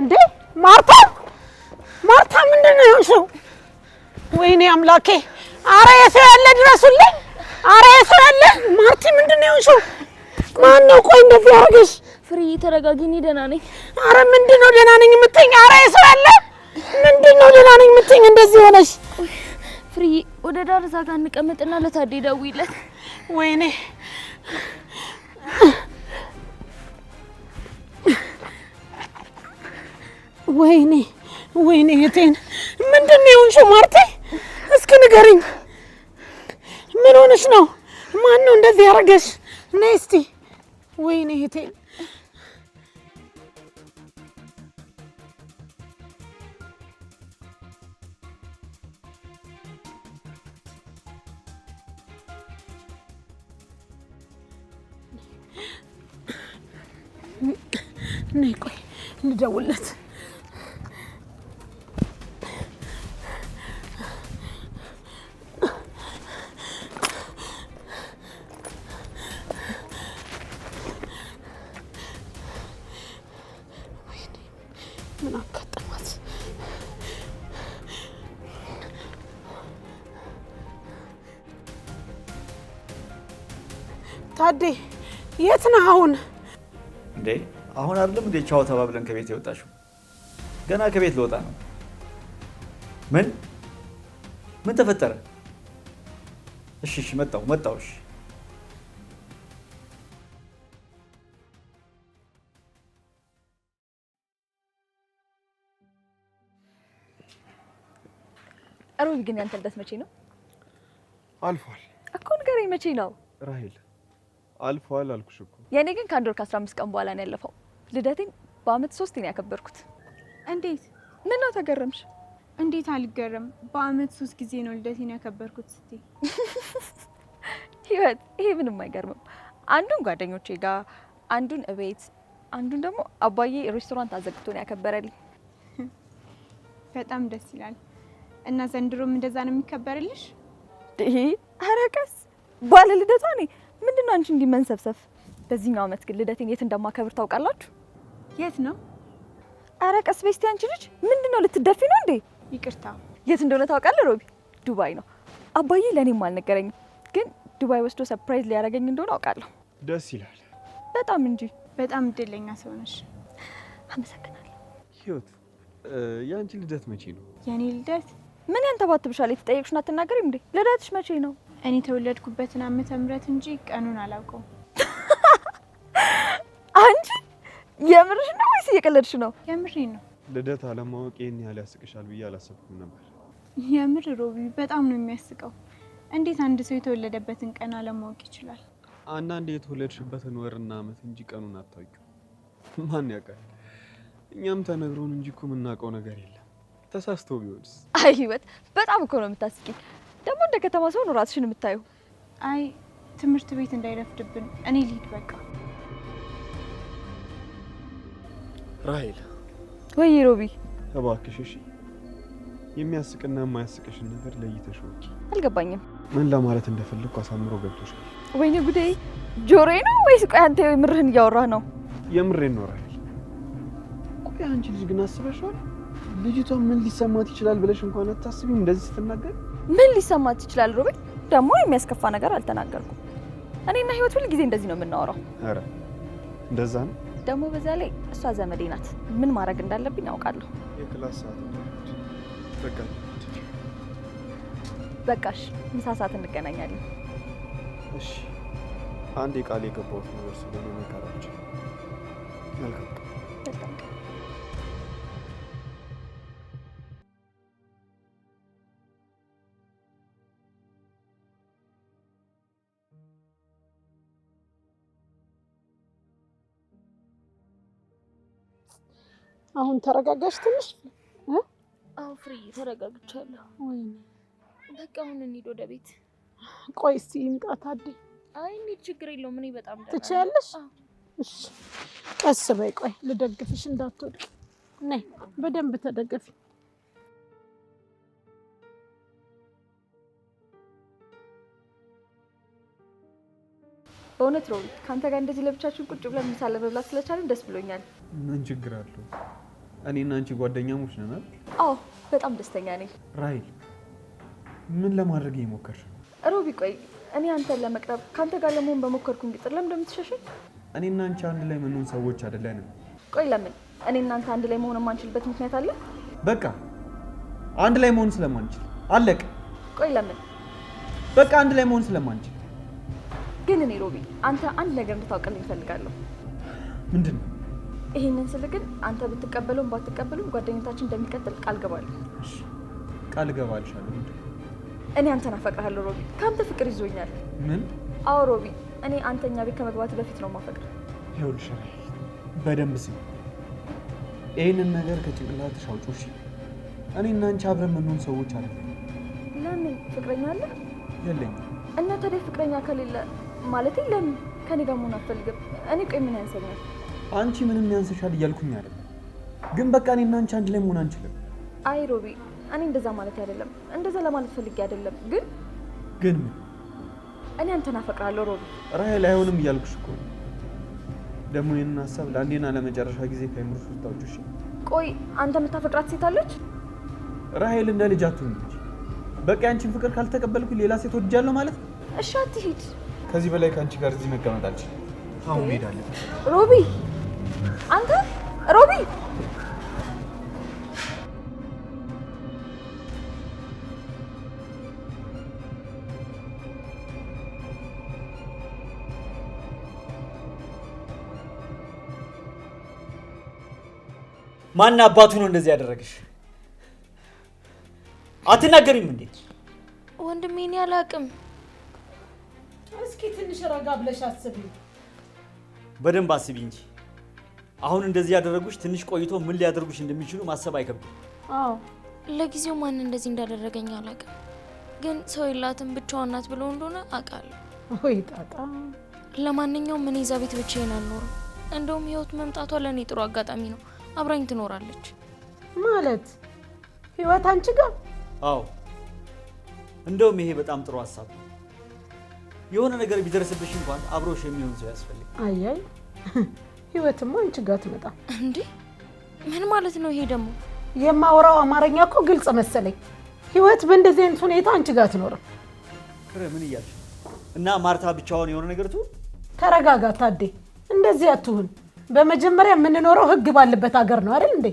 እንዴ ማርታ ማርታ፣ ምንድን ነው የሆንሽው? ወይኔ አምላኬ! አረ የሰው ያለ ድረሱልኝ! አረ የሰው ያለ ማርቲ፣ ምንድን ነው የሆንሽው? ማን ነው ቆይ እንደዚህ ያደረገሽ? ፍርዬ ተረጋጊ፣ እኔ ደህና ነኝ። አረ ምንድን ነው ደህና ነኝ የምትይኝ? አረ የሰው ያለ ምንድን ነው ደህና ነኝ የምትይኝ? እንደዚህ ሆነሽ ፍርዬ፣ ወደ ዳር እዛ ጋር እንቀመጥና ለታዴ ደውይለት። ወይኔ ወይኔ ወይኔ፣ እህቴን ምንድን ነው የሆንሽው? ማርቴ እስኪ ንገሪኝ፣ ምን ሆነሽ ነው? ማን ነው እንደዚህ ያደረገሽ? ነይ እስቲ። ወይኔ እህቴን ነይ ቆይ ልደውልለት ምን አጋጠማት? ታዴ የት ነህ አሁን? እንዴ አሁን አይደለም እንዴ ቻው ተባብለን ከቤት የወጣሽው? ገና ከቤት ልወጣ ነው። ምን ምን ተፈጠረ? እሺ እሺ መጣሁ መጣሁ። እሺ አሁን ግን ያንተ ልደት መቼ ነው? አልፏል እኮ ንገረኝ፣ መቼ ነው ራሄል? አልፏል አልኩሽ እኮ። የእኔ ግን ከአንድ ወር ከአስራ አምስት ቀን በኋላ ነው ያለፈው። ልደቴን በአመት ሶስቴ ነው ያከበርኩት። እንዴት? ምን ነው ተገረምሽ? እንዴት አልገረም? በአመት ሶስት ጊዜ ነው ልደቴን ያከበርኩት ስትይ ህይወት፣ ይሄ ምንም አይገርምም። አንዱን ጓደኞቼ ጋር፣ አንዱን እቤት፣ አንዱን ደግሞ አባዬ ሬስቶራንት አዘግቶ ነው ያከበረልኝ። በጣም ደስ ይላል። እና ዘንድሮም እንደዛ ነው የሚከበርልሽ? ይሄ አረቀስ ባለ ልደቷ እኔ ምንድን ነው አንቺ እንዲህ መንሰብሰብ። በዚህኛው አመት ግን ልደቴን የት እንደማከብር ታውቃላችሁ? የት ነው? አረቀስ በስቲ አንቺ ልጅ ምንድን ነው ልትደፊ ነው እንዴ? ይቅርታ፣ የት እንደሆነ ታውቃለህ ሮቢ? ዱባይ ነው። አባዬ ለእኔም አልነገረኝም፣ ግን ዱባይ ወስዶ ሰርፕራይዝ ሊያደርገኝ እንደሆነ አውቃለሁ። ደስ ይላል በጣም እንጂ። በጣም እድለኛ ሰው ነሽ። አመሰግናለሁ። ህይወት፣ የአንቺ ልደት መቼ ነው? የእኔ ልደት ምን ያንተባትብሻል? የተጠየቅሽን አትናገሪም እንዴ? ልደትሽ መቼ ነው? እኔ ተወለድኩበትን ዓመተ ምሕረት እንጂ ቀኑን አላውቀውም። አንቺ የምርሽ ነው ወይስ እየቀለድሽ ነው? የምሬ ነው። ልደት አለማወቅ ይህን ያህል ያስቅሻል ብዬ አላሰብኩም ነበር። የምር ሮቢ፣ በጣም ነው የሚያስቀው። እንዴት አንድ ሰው የተወለደበትን ቀን አለማወቅ ይችላል? አንዳንድ የተወለድሽበትን ወርና ዓመት እንጂ ቀኑን አታውቂው። ማን ያውቃል? እኛም ተነግሮን እንጂ እኮ የምናውቀው ነገር የለም። ተሳስቶ ቢሆንስ? አይ ህይወት በጣም እኮ ነው የምታስቂኝ። ደግሞ እንደ ከተማ ሰውን ራስሽን የምታየው። አይ ትምህርት ቤት እንዳይረፍድብን እኔ ልሂድ በቃ። ራሄል ወይ ሮቢ እባክሽ እሺ። የሚያስቅና የማያስቅሽን ነገር ለይተሽ ወቂ። አልገባኝም። ምን ለማለት እንደፈለግኩ አሳምሮ ገብቶሻል? ወይኔ ጉዴ! ጆሮዬ ነው ወይስ? ቆይ አንተ የምርህን እያወራህ ነው? የምሬን ነው ራሄል። ቆይ አንቺ ልጅ ግን አስበሽዋል? ልጅቷ ምን ሊሰማት ይችላል ብለሽ እንኳን አታስቢም። እንደዚህ ስትናገር ምን ሊሰማት ይችላል? ሮቤል ደግሞ የሚያስከፋ ነገር አልተናገርኩም። እኔና ህይወት ሁል ጊዜ እንደዚህ ነው የምናወራው። ኧረ እንደዛ ነው ደግሞ። በዛ ላይ እሷ ዘመዴ ናት። ምን ማድረግ እንዳለብኝ አውቃለሁ። በቃሽ፣ ምሳ ሰዓት እንገናኛለን። እሺ አንድ የቃል የገባሁት ነገር ስለሆነ መቀራቸው መልካም አሁን ተረጋጋሽ ትንሽ አሁን ፍሬዬ ተረጋግቻለሁ። በቃ አሁን እንሂድ ወደ ቤት። ቆይ እስኪ ይምጣ ታዴ። አይ እንሂድ፣ ችግር የለውም። እኔ በጣም ደህና ትችያለሽ። እሺ ቀስ በይ። ቆይ ልደግፍሽ፣ እንዳትወድቂ። ነይ በደንብ ተደገፊ። በእውነት ሮል ከአንተ ጋር እንደዚህ ለብቻችን ቁጭ ብለን ምሳ ለመብላት ስለቻለን ደስ ብሎኛል። ምን ችግር አለው? እኔና አንቺ ጓደኛሞች ነን አይደል? አዎ፣ በጣም ደስተኛ ነኝ። ራይል፣ ምን ለማድረግ እየሞከርሽ ነው? ሮቢ፣ ቆይ እኔ አንተን ለመቅረብ ከአንተ ጋር ለመሆን በሞከርኩኝ ቁጥር ለምን እንደምትሸሸኝ? እኔና አንቺ አንድ ላይ ምንሆን ሰዎች አይደለንም። ቆይ ለምን እኔ እናንተ አንድ ላይ መሆን የማንችልበት ምክንያት አለ? በቃ አንድ ላይ መሆን ስለማንችል አለቅ። ቆይ ለምን? በቃ አንድ ላይ መሆን ስለማንችል። ግን እኔ ሮቢ፣ አንተ አንድ ነገር እንድታውቅልኝ እፈልጋለሁ። ምንድን ነው? ይሄንን ስል ግን አንተ ብትቀበለውም ባትቀበሉም ጓደኝነታችን እንደሚቀጥል ቃል ገባለሁ። ቃል ገባልሻለሁ። እኔ አንተን አፈቅርሃለሁ ሮቢ። ከአንተ ፍቅር ይዞኛል። ምን? አዎ ሮቢ፣ እኔ አንተኛ ቤት ከመግባት በፊት ነው ማፈቅር። ይኸውልሽ በደንብ ሲ ይህንን ነገር ከጭንቅላትሽ አውጪው። እኔ እና አንቺ አብረን ምንም ሰዎች አለ። ለምን? ፍቅረኛ አለ? የለኝ። እና ታዲያ ፍቅረኛ ከሌለ ማለት ለምን ከኔ ጋር መሆን አትፈልግም? እኔ ቆይ ምን ያንሰኛል? አንቺ ምንም ያንስሻል እያልኩኝ አይደለም፣ ግን በቃ እኔ እና አንቺ አንድ ላይ መሆን አንችልም። አይ ሮቢ፣ እኔ እንደዛ ማለት አይደለም፣ እንደዛ ለማለት ፈልጌ አይደለም። ግን ግን እኔ አንተን አፈቅራለሁ ሮቢ። ራሔል፣ አይሆንም እያልኩሽ እኮ ደግሞ ይህንን ሀሳብ ለአንዴና ለመጨረሻ ጊዜ ከአይምሮሽ ውስጥ እሺ? ቆይ አንተ የምታፈቅራት ሴት አለች? ራሔል፣ እንደ ልጅ እንጂ በቃ ያንቺን ፍቅር ካልተቀበልኩ ሌላ ሴት ወድጃለሁ ማለት እሺ፣ አትሂድ። ከዚህ በላይ ከአንቺ ጋር እዚህ መቀመጥ አልችልም። አሁን ሄዳለን ሮቢ አንተ ሮቢ ማን አባቱ ነው እንደዚህ ያደረገሽ? አትናገሪም እንዴ? ወንድሜ እኔ አላቅም። እስኪ ትንሽ ረጋ ብለሽ አስቢ፣ በደንብ አስቢ እንጂ አሁን እንደዚህ ያደረጉሽ ትንሽ ቆይቶ ምን ሊያደርጉሽ እንደሚችሉ ማሰብ አይከብድም። አዎ ለጊዜው ማን እንደዚህ እንዳደረገኝ አላውቅም፣ ግን ሰው የላትም ብቻዋን ናት ብሎ እንደሆነ አውቃለሁ። ወይ ጣጣ! ለማንኛውም እኔ እዛ ቤት ብቻዬን አልኖርም። እንደውም ህይወት መምጣቷ ለእኔ ጥሩ አጋጣሚ ነው። አብራኝ ትኖራለች ማለት ህይወት አንቺ ጋር? አዎ እንደውም ይሄ በጣም ጥሩ ሀሳብ ነው። የሆነ ነገር ቢደርስብሽ እንኳን አብሮሽ የሚሆን ሰው ያስፈልግ። አያይ ህይወትማ አንቺ ጋር ትመጣ እንዴ? ምን ማለት ነው ይሄ ደግሞ? የማወራው አማርኛ እኮ ግልጽ መሰለኝ። ህይወት በእንደዚህ አይነት ሁኔታ አንቺ ጋር አትኖርም። ክረ ምን እያልሽ እና ማርታ ብቻዋን የሆነ ነገር ትሁን። ተረጋጋ ታዴ፣ እንደዚህ አትሁን። በመጀመሪያ የምንኖረው ህግ ባለበት ሀገር ነው አይደል እንዴ?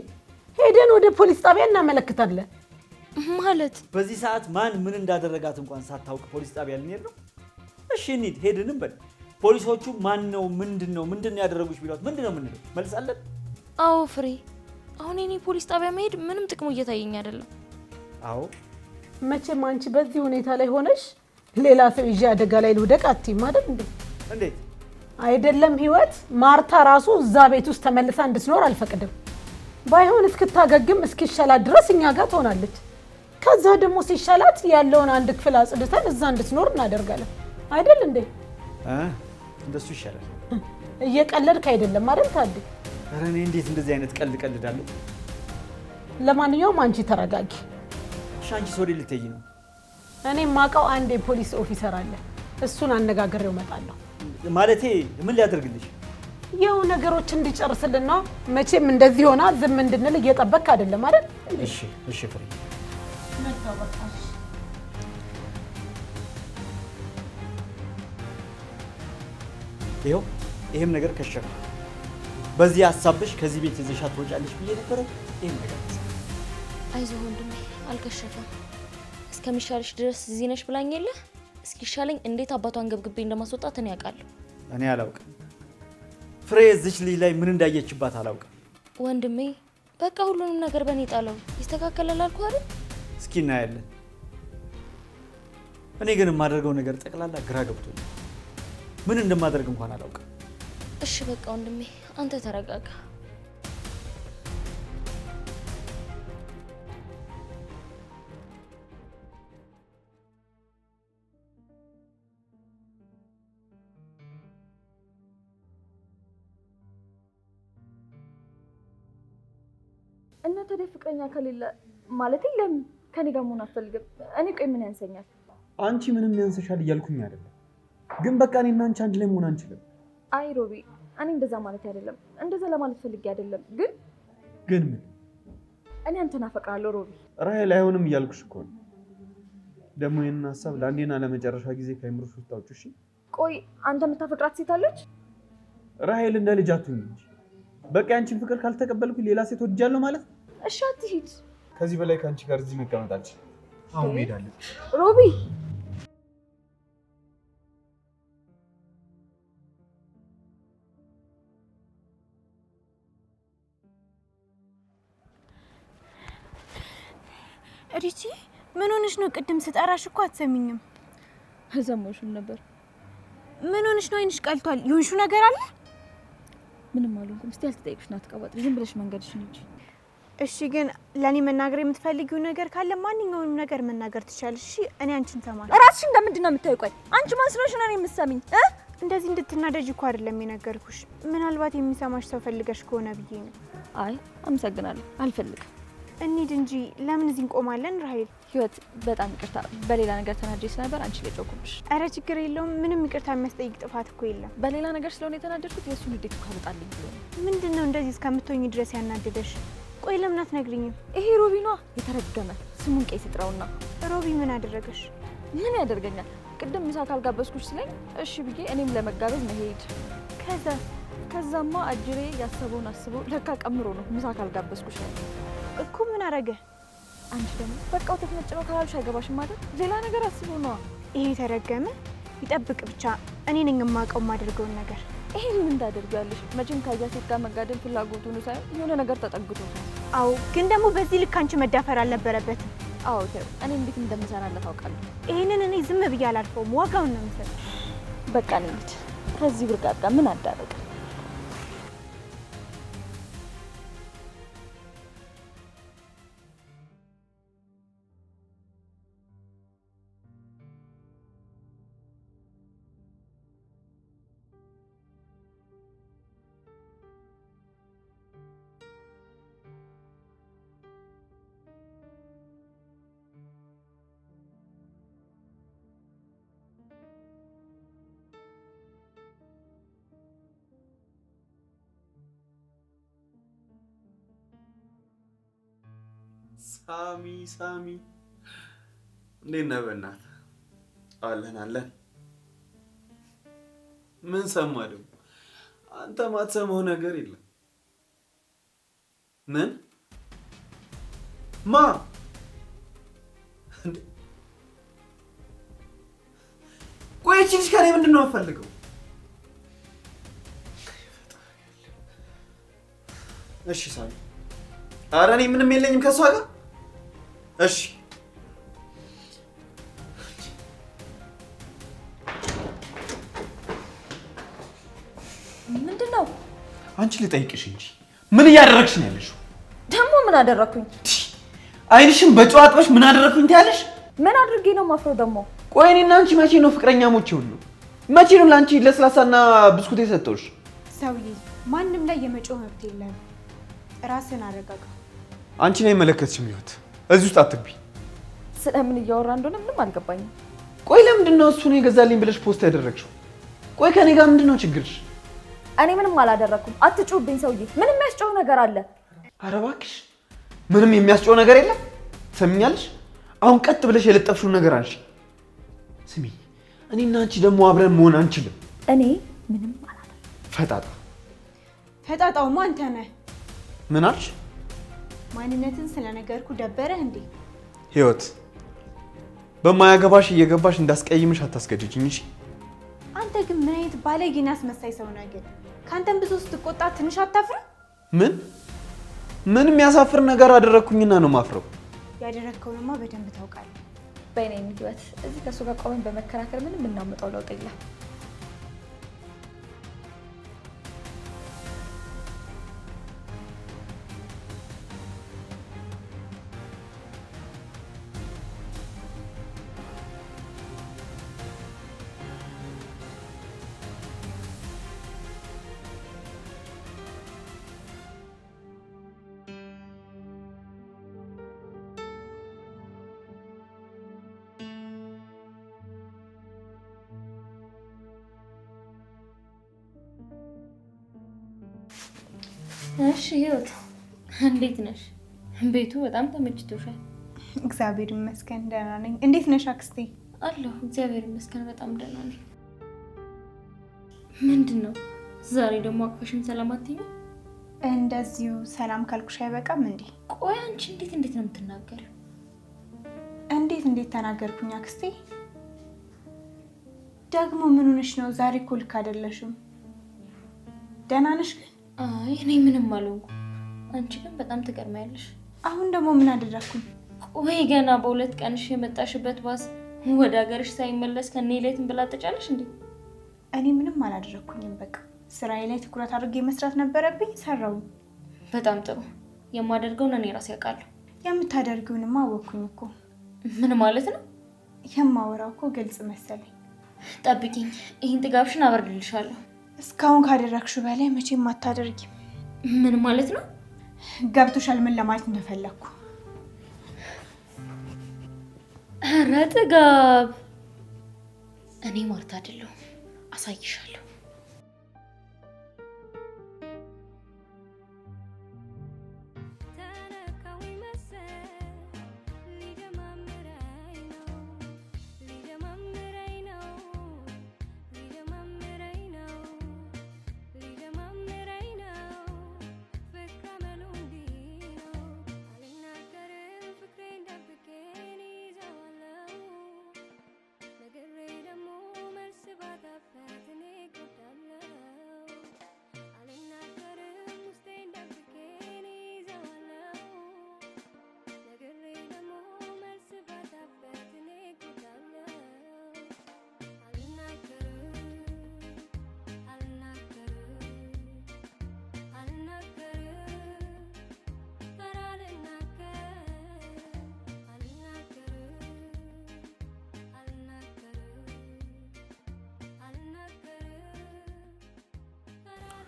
ሄደን ወደ ፖሊስ ጣቢያ እናመለክታለን። ማለት በዚህ ሰዓት ማን ምን እንዳደረጋት እንኳን ሳታውቅ ፖሊስ ጣቢያ ልንሄድ ነው? እሺ እንሂድ፣ ሄድንም በል ፖሊሶቹ ማን ነው ምንድን ነው ምንድን ነው ያደረጉች ቢሏት ምንድን ነው ምንድን ነው መልሳለን? አዎ ፍሬ፣ አሁን እኔ ፖሊስ ጣቢያ መሄድ ምንም ጥቅሙ እየታየኝ አይደለም። አዎ መቼም አንቺ በዚህ ሁኔታ ላይ ሆነሽ ሌላ ሰው ይዤ አደጋ ላይ ልውደቅ አትይም አይደል እንዴ? እንዴት አይደለም ህይወት ማርታ ራሱ እዛ ቤት ውስጥ ተመልሳ እንድትኖር አልፈቅድም። ባይሆን እስክታገግም እስኪሻላት ድረስ እኛ ጋር ትሆናለች። ከዛ ደግሞ ሲሻላት ያለውን አንድ ክፍል አጽድተን እዛ እንድትኖር እናደርጋለን። አይደል እንዴ? እንደሱ ይሻላል። እየቀለድክ አይደለም አይደል ታዲ? ኧረ እኔ እንዴት እንደዚህ አይነት ቀልድ ቀልዳለሁ? ለማንኛውም አንቺ ተረጋጊ። እሺ አንቺ ሶሪ ልትይ ነው? እኔ ማውቀው አንድ የፖሊስ ኦፊሰር አለ። እሱን አነጋግሬው እመጣለሁ። ማለቴ ምን ሊያደርግልሽ? ያው ነገሮች እንዲጨርስልና ነው። መቼም እንደዚህ ሆና ዝም እንድንል እየጠበክ አይደለም አይደል? እሺ እሺ ፍሬ ይኸው ይሄም ነገር ከሸፈ። በዚህ ሀሳብሽ ከዚህ ቤት ይዘሽ ትወጫለሽ ብዬ ነበረ። ይሄም ነገር አይዞህ ወንድሜ አልከሸፈም። እስከሚሻልሽ ድረስ እዚህ ነሽ ብላኝ የለ እስኪሻለኝ እንዴት አባቷን ገብግቤ እንደማስወጣት እኔ ያውቃለሁ። እኔ አላውቅም። ፍሬ እዚች ልጅ ላይ ምን እንዳየችባት አላውቅም። ወንድሜ በቃ ሁሉንም ነገር በእኔ ጣለው። ይስተካከላል አልኩህ አይደል? እስኪ እናያለን። እኔ ግን የማደርገው ነገር ጠቅላላ ግራ ገብቶኛል። ምን እንደማደርግ እንኳን አላውቅም። እሺ በቃ ወንድሜ አንተ ተረጋጋ። እና ታዲያ ፍቅረኛ ከሌለ ማለት ለምን ከኔ ጋር መሆን አትፈልግም? እኔ ቆይ ምን ያንሰኛል? አንቺ ምንም ያንሰሻል እያልኩኝ አይደለም ግን በቃ እኔ እና አንቺ አንድ ላይ መሆን አንችልም። አይ ሮቢ፣ እኔ እንደዛ ማለት አይደለም፣ እንደዛ ለማለት ፈልጌ አይደለም። ግን ግን ምን? እኔ አንተን አፈቅራለሁ ሮቢ። ራሄል አይሆንም እያልኩሽ እኮ ነው። ደግሞ ይህንን ሀሳብ ለአንዴና ለመጨረሻ ጊዜ ከአይምሮሽ ውስጥ እሺ? ቆይ አንተ የምታፈቅራት ሴት አለች? ራሔል፣ እንደ ልጅ አትሁኝ እንጂ በቃ ያንቺን ፍቅር ካልተቀበልኩ ሌላ ሴት ወድጃለሁ ማለት ነው። እሺ፣ አትሂድ። ከዚህ በላይ ከአንቺ ጋር እዚህ መቀመጣች አልችልም። አሁን ሄዳለች ሮቢ ሪቺ ምን ሆነሽ ነው? ቅድም ስጠራሽ እኮ አትሰሚኝም። አልሰማሽም ነበር። ምን ሆነሽ ነው? አይንሽ ቀልቷል። ይሁንሹ ነገር አለ? ምንም አልሆንኩም። እስቲ ያልተጠየቅሽ ናት ቀባጥሪ። ዝም ብለሽ መንገድሽ እንጂ። እሺ፣ ግን ለእኔ መናገር የምትፈልጊው ነገር ካለ ማንኛውንም ነገር መናገር ትችያለሽ። እሺ፣ እኔ አንቺን ተማል። ራስሽ እንደምንድን ነው የምታዩ? ቆይ አንቺ ማን ስለሆንሽ ነው የምትሰሚኝ? እንደዚህ እንድትናደጅ እኮ አይደለም የነገርኩሽ። ምናልባት የሚሰማሽ ሰው ፈልገሽ ከሆነ ብዬ ነው። አይ፣ አመሰግናለሁ፣ አልፈልግም እንሂድ እንጂ ለምን እዚህ እንቆማለን? ራሄል ህይወት፣ በጣም ይቅርታ፣ በሌላ ነገር ተናድጄ ስለነበር አንቺ ላይ ጮኩብሽ። ችግር የለውም ምንም ይቅርታ የሚያስጠይቅ ጥፋት እኮ የለም። በሌላ ነገር ስለሆነ የተናደድኩት የእሱን ልዴት ካመጣልኝ ብሎ ምንድን ነው እንደዚህ እስከምትሆኝ ድረስ ያናደደሽ? ቆይ ለምን አትነግሪኝም? ይሄ ሮቢኗ የተረገመ ስሙን ቄስ ይጥራውና። ሮቢ ምን አደረገሽ? ምን ያደርገኛል? ቅድም ምሳ ካልጋበዝኩሽ ስለኝ እሺ ብዬ እኔም ለመጋበዝ መሄድ ከዛ ከዛማ አጅሬ ያሰበውን አስቦ ለካ ቀምሮ ነው ምሳ ካልጋበዝኩሽ እኮ ምን አረገ? አንቺ ደግሞ በቃ ወተት ነጭ ነው ካላልሽ አይገባሽም ማለት ሌላ ነገር አስቦ ነዋ። ይሄ የተረገመ ይጠብቅ ብቻ። እኔን ነኝ የማውቀው የማደርገውን ነገር። ይሄን ምን ታደርጊያለሽ? መቼም ከዚያ ሴት ጋር መጋደል ፍላጎቱ ነው ሳይሆን የሆነ ነገር ተጠግቶ ነው። አዎ፣ ግን ደግሞ በዚህ ልክ አንቺ መዳፈር አልነበረበትም። አዎ፣ እኔ እንዴት እንደምሰራለት አውቃለሁ። ይሄንን እኔ ዝም ብዬ አላልፈውም። ዋጋውን ነው የምሰጠው። በቃ ነኝ ከዚህ ብርቃት ምን አዳረገ? ሳሚ ሳሚ፣ እንዴት ነህ? በእናትህ አለን አለን። ምን ሰማህ ደግሞ? አንተ ማትሰማው ነገር የለም። ምን ማ ቆይ፣ ይቺ ልጅ ከእኔ ምንድን ነው የምትፈልገው? እሺ ሳሚ፣ ኧረ እኔ ምንም የለኝም ከእሷ ጋር እሺ ምንድን ነው? አንቺ ልጠይቅሽ እንጂ ምን እያደረግሽ ነው ያለሽው? ደግሞ ምን አደረግኩኝ? አይንሽም በጨው ምን አደረግኩኝ ትያለሽ? ምን አድርጌ ነው ማፍረው ደግሞ? ቆይ እኔና አንቺ መቼ ነው ፍቅረኛሞች ሁሉ? መቼ ነው ለአንቺ ለስላሳና ብስኩት የሰጠሁሽ? ሰውዬ ማንም ላይ የመጮህ መብት የለም። ራስን አረጋጋ። አንቺ ላይ መለከትሽ ህይወት እዚህ ውስጥ አትግቢ። ስለምን እያወራ እንደሆነ ምንም አልገባኝም። ቆይ ለምንድን ነው እሱን የገዛልኝ ብለሽ ፖስት ያደረግሽው? ቆይ ከኔ ጋር ምንድን ነው ችግርሽ? እኔ ምንም አላደረኩም። አትጩህብኝ ሰውዬ። ምንም የሚያስጨው ነገር አለ? ኧረ እባክሽ ምንም የሚያስጨው ነገር የለም። ትሰሚኛለሽ? አሁን ቀጥ ብለሽ የለጠፍሽውን ነገር አንቺ ስሚ፣ እኔና አንቺ ደግሞ አብረን መሆን አንችልም። እኔ ምንም አላደረኩም። ፈጣጣ ፈጣጣውማ አንተ ነህ። ምን አልሽ? ማንነትን ስለነገርኩ ደበረህ እንዴ? ህይወት በማያገባሽ እየገባሽ እንዳስቀይምሽ አታስገድጅኝ እሺ። አንተ ግን ምን አይነት ባለጌና አስመሳይ ሰው ነህ? ግን ከአንተም ብዙ ስትቆጣ ትንሽ አታፍርም? ምን ምን የሚያሳፍር ነገር አደረግኩኝና ነው ማፍረው? ያደረግከውንማ በደንብ ታውቃለህ። በእኔ ህይወት፣ እዚህ ከእሱ ጋር ቆመን በመከራከር ምንም እናምጣው ለውጥ የለም። እሺ ህይወት እንዴት ነሽ? ቤቱ በጣም ተመችቶሻል? እግዚአብሔር ይመስገን ደህና ነኝ። እንዴት ነሽ አክስቴ? አለሁ እግዚአብሔር ይመስገን በጣም ደህና ነኝ። ምንድን ነው ዛሬ ደግሞ አቅፈሽን ሰላም አትይኝ? እንደዚሁ ሰላም ካልኩሽ አይበቃም እንዴ? ቆይ አንቺ እንዴት እንዴት ነው የምትናገሪው? እንዴት እንዴት ተናገርኩኝ አክስቴ? ደግሞ ምን ሆነሽ ነው? ዛሬ እኮ ልክ አይደለሽም። ደህና ነሽ ግን አይ እኔ ምንም አልሆንኩም። አንቺ ግን በጣም ትገርማያለሽ። አሁን ደግሞ ምን አደረኩኝ? ወይ ገና በሁለት ቀንሽ የመጣሽበት ባስ ወደ ሀገርሽ ሳይመለስ ከኔ ላይ ትንብላ ትጫለሽ እንዴ? እኔ ምንም አላደረግኩኝም። በቃ ስራዬ ላይ ትኩረት አድርጌ መስራት ነበረብኝ፣ ሰራው። በጣም ጥሩ። የማደርገውን እኔ ራሴ ያውቃለሁ። የምታደርጊውንማ አወኩኝ እኮ። ምን ማለት ነው? የማወራው እኮ ግልጽ መሰለኝ። ጠብቂኝ፣ ይህን ጥጋብሽን አበርድልሻለሁ። እስካሁን ካደረግሽው በላይ መቼም አታደርጊም። ምን ማለት ነው? ገብቶሻል ምን ለማለት እንደፈለግኩ? ኧረ ጥጋብ! እኔ ማርታ አይደለሁም፣ አሳይሻለሁ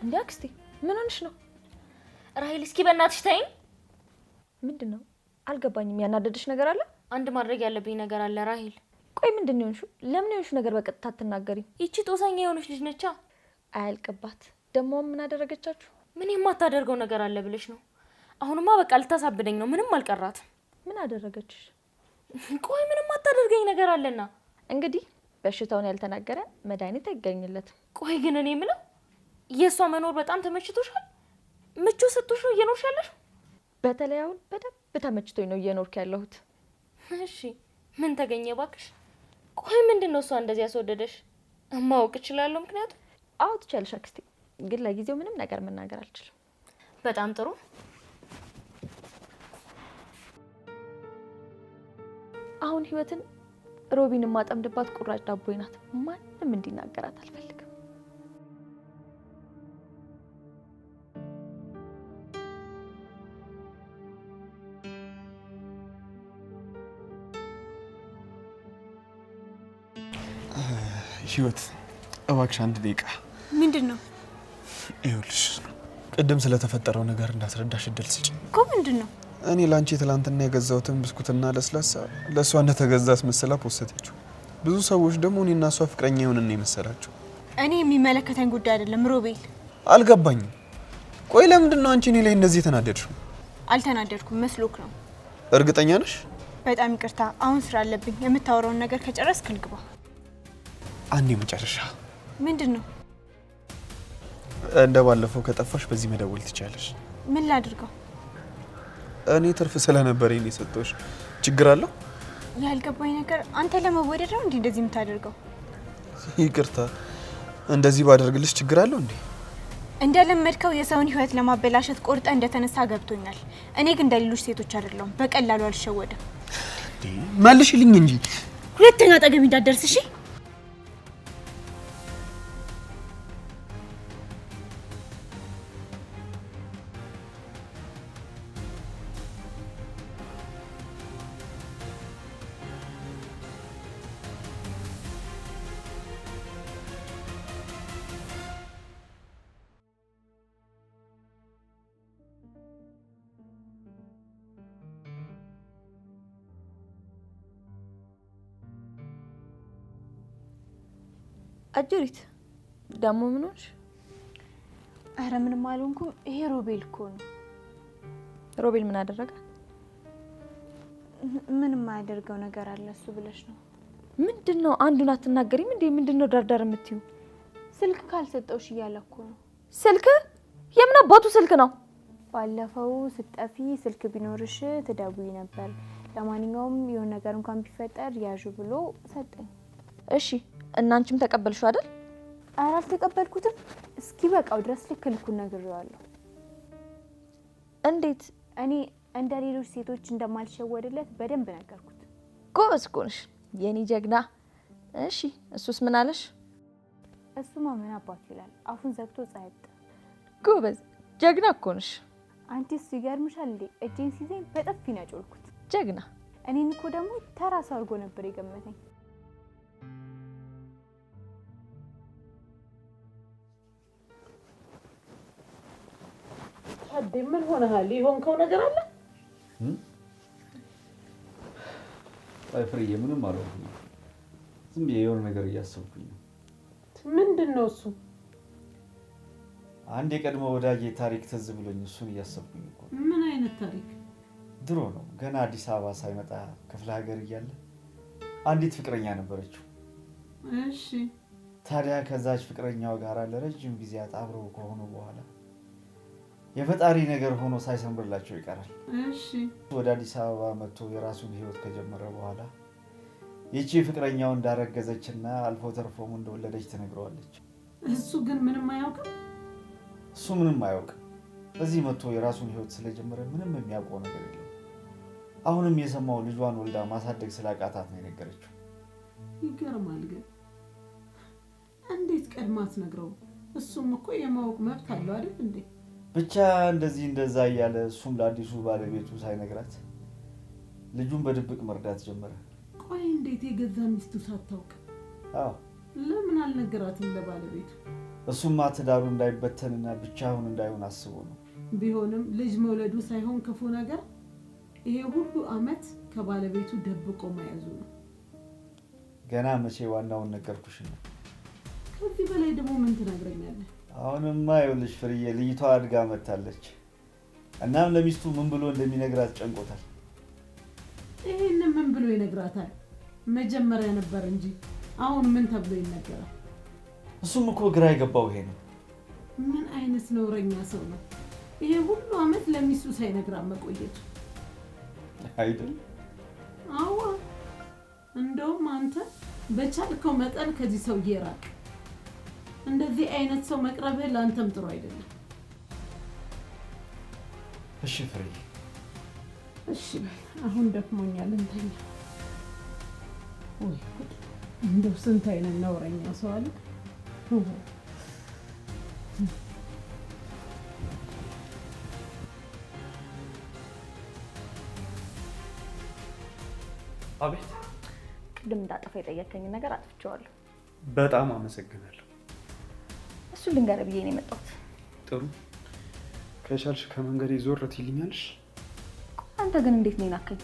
እንዴ አክስቴ ምን ሆንሽ ነው? ራሂል እስኪ በእናትሽ ተይኝ። ምንድን ነው አልገባኝም። ያናደደሽ ነገር አለ? አንድ ማድረግ ያለብኝ ነገር አለ ራሂል ቆይ ምንድን የሆንሹ? ለምን የሆንሹ ነገር በቀጥታ አትናገሪም? ይቺ ጦሰኛ የሆነች ልጅ ነቻ። አያልቅባት ደግሞ ምን አደረገቻችሁ? ምን የማታደርገው ነገር አለ ብለሽ ነው? አሁንማ በቃ ልታሳብደኝ ነው። ምንም አልቀራትም። ምን አደረገችሽ? ቆይ ምንም አታደርገኝ ነገር አለና እንግዲህ በሽታውን ያልተናገረ መድኃኒት አይገኝለትም። ቆይ ግን እኔ ምለው የእሷ መኖር በጣም ተመችቶሻል? ምቹ ሰጥቶሽ ነው እየኖርሽ ያለሽ? በተለይ አሁን በደንብ ተመችቶኝ ነው እየኖርክ ያለሁት። እሺ ምን ተገኘ ባክሽ? ቆይ ምንድን ነው እሷ እንደዚህ ያስወደደሽ? ማወቅ እችላለሁ ምክንያቱም? አዎ ትችያለሽ አክስቴ፣ ግን ለጊዜው ምንም ነገር መናገር አልችልም። በጣም ጥሩ። አሁን ህይወትን ሮቢን የማጠምድባት ቁራጭ ዳቦይናት ናት። ማንም እንዲናገራት አልፈልግም። ህይወት እባክሽ አንድ ደቂቃ። ምንድን ነው? ይኸውልሽ ቅድም ስለተፈጠረው ነገር እንዳስረዳሽ እድል ስጭ። እኮ ምንድን ነው? እኔ ለአንቺ ትላንትና የገዛሁትን ብስኩትና ለስላሳ ለእሷ እንደተገዛ አስመስላ ፖስተችው። ብዙ ሰዎች ደግሞ እኔና እሷ ፍቅረኛ የሆንን የመሰላቸው። እኔ የሚመለከተኝ ጉዳይ አይደለም ሮቤል። አልገባኝም። ቆይ ለምንድን ነው አንቺ እኔ ላይ እንደዚህ የተናደድሽው? አልተናደድኩም። መስሎክ ነው? እርግጠኛ ነሽ? በጣም ይቅርታ፣ አሁን ስራ አለብኝ። የምታወራውን ነገር ከጨረስክ ልግባ። አንድ የመጨረሻ ምንድን ነው? እንደ ባለፈው ከጠፋሽ በዚህ መደወል ትችያለሽ። ምን ላድርገው? እኔ ትርፍ ስለነበረኝ ነው የሰጠሁሽ። ችግር አለው? ያልገባኝ ነገር አንተ ለመወደድ ነው እንዴ እንደዚህ የምታደርገው? ይቅርታ፣ እንደዚህ ባደርግልሽ ችግር አለው እንዴ? እንደ ለመድከው የሰውን ህይወት ለማበላሸት ቆርጠ እንደተነሳ ገብቶኛል። እኔ ግን እንደሌሎች ሴቶች አይደለሁም፣ በቀላሉ አልሸወድም። መልሽልኝ እንጂ ሁለተኛ አጠገብ እንዳደርስ እሺ ጀሪት ደግሞ ምን ሆንሽ? አረ ምንም አልሆንኩም። ይሄ ሮቤል እኮ ነው። ሮቤል ምን አደረገ? ምንም አያደርገው ነገር አለ እሱ ብለሽ ነው። ምንድን ነው አንዱን አትናገሪም እንዴ? ምንድን ነው ዳርዳር የምትዩ? ስልክ ካልሰጠውሽ እያለ እኮ ነው። ስልክ የምን አባቱ ስልክ ነው? ባለፈው ስጠፊ ስልክ ቢኖርሽ ትደውይ ነበር። ለማንኛውም የሆነ ነገር እንኳን ቢፈጠር ያዥ ብሎ ሰጠኝ። እሺ እናንቺም ተቀበልሽው አይደል? ኧረ አልተቀበልኩትም። እስኪ በቃው ድረስ ልክ ልኩን ነግሬዋለሁ። እንዴት? እኔ እንደ ሌሎች ሴቶች እንደማልሸወድለት በደንብ ነገርኩት። ጎበዝ እኮ ነሽ የኔ ጀግና። እሺ እሱስ ምን አለሽ? እሱማ ምን አባቱ ይላል፣ አፉን ዘግቶ ጸጥ። ጎበዝ ጀግና እኮ ነሽ። እሱ ይገርምሻል እንዴ እጄን ሲዘኝ በጥፊ ነው ጀግና። እኔን እኮ ደግሞ ተራ ሰው አድርጎ ነበር የገመተኝ። ታዴ ምን ሆነሃል? የሆንከው ነገር አለ። ቆይ ፍርዬ፣ ምንም አልሆንኩም። ዝም ብዬ የሆነ ነገር እያሰብኩኝ ነው። ምንድን ነው እሱ? አንድ የቀድሞ ወዳጄ ታሪክ ትዝ ብሎኝ እሱን እያሰብኩኝ እኮ። ምን አይነት ታሪክ? ድሮ ነው ገና አዲስ አበባ ሳይመጣ ክፍለ ሀገር እያለ አንዲት ፍቅረኛ ነበረችው። እሺ። ታዲያ ከዛች ፍቅረኛው ጋር ለረጅም ጊዜያት አብረው ከሆኑ በኋላ የፈጣሪ ነገር ሆኖ ሳይሰምርላቸው ይቀራል። ወደ አዲስ አበባ መጥቶ የራሱን ህይወት ከጀመረ በኋላ ይቺ ፍቅረኛው እንዳረገዘች እና አልፎ ተርፎም እንደወለደች ትነግረዋለች። እሱ ግን ምንም አያውቅም። እሱ ምንም አያውቅም። በዚህ መጥቶ የራሱን ህይወት ስለጀመረ ምንም የሚያውቀው ነገር የለም። አሁንም የሰማው ልጇን ወልዳ ማሳደግ ስላቃታት ነው የነገረችው። ይገርማል። ግን እንዴት ቀድማ አትነግረውም? እሱም እኮ የማወቅ መብት አለው አይደል እንዴ? ብቻ እንደዚህ እንደዛ እያለ እሱም ለአዲሱ ባለቤቱ ሳይነግራት ልጁን በድብቅ መርዳት ጀመረ። ቆይ እንዴት የገዛ ሚስቱ ሳታውቅ? አዎ ለምን አልነገራትም ለባለቤቱ? እሱማ ትዳሩ እንዳይበተንና ብቻውን እንዳይሆን አስቦ ነው። ቢሆንም ልጅ መውለዱ ሳይሆን ክፉ ነገር ይሄ ሁሉ ዓመት ከባለቤቱ ደብቆ መያዙ ነው። ገና መቼ ዋናውን ነገርኩሽ ነው። ከዚህ በላይ ደግሞ ምን ትነግረኛለህ? አሁንማ ይኸውልሽ ፍርዬ ልይቷ አድጋ መታለች። እናም ለሚስቱ ምን ብሎ እንደሚነግራት ጨንቆታል። ይህን ምን ብሎ ይነግራታል? መጀመሪያ ነበር እንጂ አሁን ምን ተብሎ ይነገራል? እሱም እኮ ግራ የገባው ይሄ ነው። ምን አይነት ነውረኛ ሰው ነው? ይሄ ሁሉ አመት ለሚስቱ ሳይነግራት መቆየት አይደል? አዋ እንደውም አንተ በቻልከው መጠን ከዚህ ሰውዬ ራቅ። እንደዚህ አይነት ሰው መቅረብህ ለአንተም ጥሩ አይደለም። እሺ ፍሬ፣ እሺ አሁን ደክሞኛል፣ እንተኛ። እንደው ስንት አይነት ነውረኛ ሰው አለ። አቤት። ቅድም እንዳጠፋ የጠየከኝ ነገር አጥፍቼዋለሁ። በጣም አመሰግናለሁ። እሱ ልንገር ብዬ ነው የመጣሁት። ጥሩ ከቻልሽ ከመንገድ ዞር ትይልኛለሽ። አንተ ግን እንዴት ነው ይናከኝ